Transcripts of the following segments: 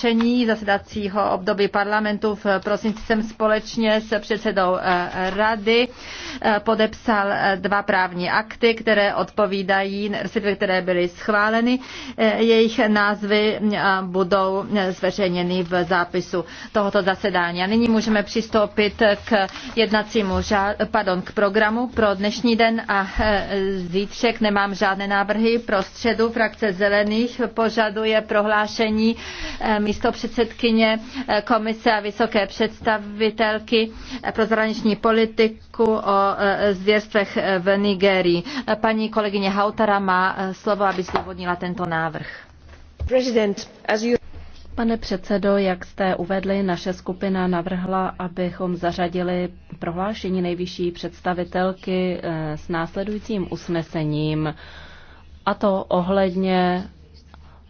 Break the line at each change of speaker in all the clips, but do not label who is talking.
tlumočení zasedacího období parlamentu v prosinci jsem společně s předsedou eh, rady eh, podepsal eh, dva právní akty, které odpovídají, které byly schváleny. Jejich názvy budou zveřejněny v zápisu tohoto zasedání. A nyní můžeme přistoupit k jednacímu žád, pardon, k programu pro dnešní den a zítřek nemám žádné návrhy. Pro středu frakce zelených požaduje prohlášení místo předsedkyně eh, komise a vysoké představitelky eh, pro zahraniční politiku o eh, zvěrstvech v Nigerii. Paní kolegyně Hautara
má slovo, aby zdůvodnila tento návrh. Pane předsedo, jak jste uvedli, naše skupina navrhla, abychom zařadili prohlášení nejvyšší představitelky s následujícím usnesením, a to ohledně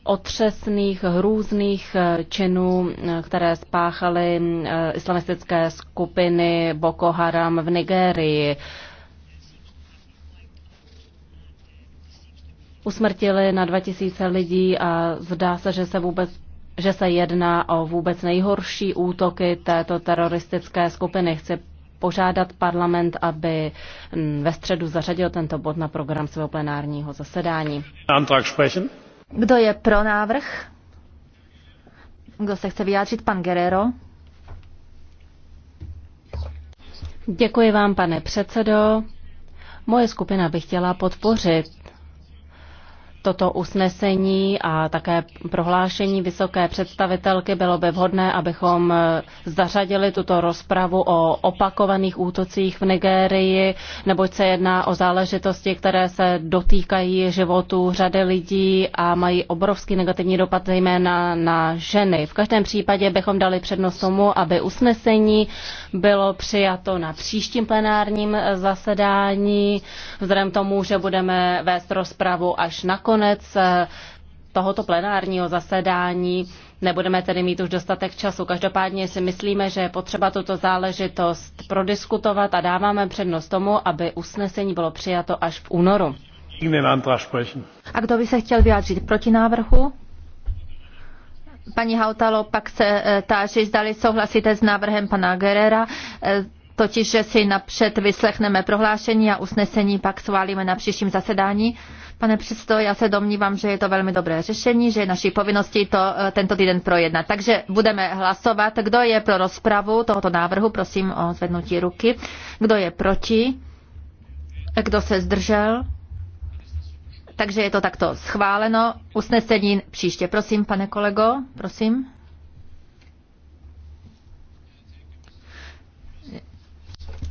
otřesných, hrůzných eh, činů, eh, které spáchaly eh, islamistické skupiny Boko Haram v Nigérii. Usmrtili na 2000 lidí a zdá se, že se vůbec že se jedná o vůbec nejhorší útoky této teroristické skupiny. Chci požádat parlament, aby mm, ve středu zařadil tento bod na program svého plenárního zasedání. Antrag sprechen. Kdo je pro návrh? Kdo se chce vyjádřit? Pan Guerrero. Děkuji vám, pane předsedo. Moje skupina by chtěla podpořit toto usnesení a také prohlášení vysoké představitelky bylo by vhodné, abychom e, zařadili tuto rozpravu o opakovaných útocích v Nigérii, neboť se jedná o záležitosti, které se dotýkají životů řady lidí a mají obrovský negativní dopad zejména na ženy. V každém případě bychom dali přednost tomu, aby usnesení bylo přijato na příštím plenárním zasedání, vzhledem tomu, že budeme vést rozpravu až na konec eh, tohoto plenárního zasedání. Nebudeme tedy mít už dostatek času. Každopádně si myslíme, že je potřeba tuto záležitost prodiskutovat a dáváme přednost tomu, aby usnesení bylo přijato až v únoru. A kdo by se chtěl vyjádřit
proti návrhu? Paní Hautalo, pak se eh, táži, zdali souhlasíte s návrhem pana Gerera, eh, totiž, že si napřed vyslechneme prohlášení a usnesení pak schválíme na příštím zasedání. Pane předsedo, já se domnívám, že je to velmi dobré řešení, že je naší povinností to eh, tento týden projednat. Takže budeme hlasovat. Kdo je pro rozpravu tohoto návrhu, prosím o zvednutí ruky. Kdo je proti? Kdo se zdržel? Takže je to takto schváleno. Usnesení příště. Prosím, pane kolego, prosím.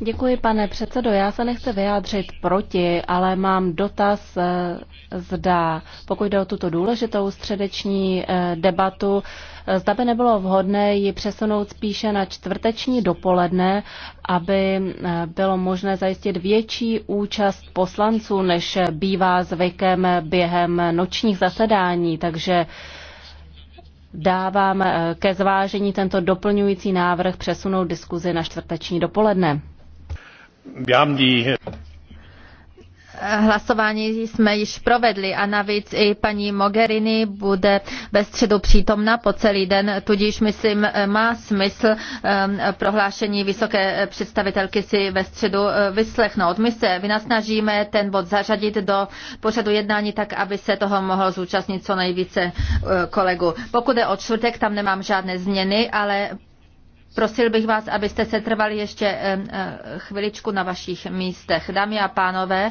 Děkuji, pane předsedo. Já se nechci vyjádřit proti, ale mám dotaz, eh, zda, pokud jde o tuto důležitou středeční eh, debatu, eh, zda by nebylo vhodné ji přesunout spíše na čtvrteční dopoledne, aby bylo možné zajistit větší účast poslanců, než bývá zvykem během nočních zasedání. Takže dávám ke zvážení tento doplňující návrh přesunout diskuzi na čtvrteční dopoledne. Hlasování jsme již
provedli a navíc i paní Mogherini bude ve středu přítomna po celý den, tudíž myslím, má smysl ehm, prohlášení vysoké představitelky si ve středu eh, vyslechnout. My se vynasnažíme ten bod zařadit do pořadu jednání tak, aby se toho mohlo zúčastnit co nejvíce eh, kolegů. Pokud je o čtvrtek, tam nemám žádné změny, ale Prosil bych vás, abyste se trvali ještě eh, eh, chviličku na vašich místech. Dámy a pánové,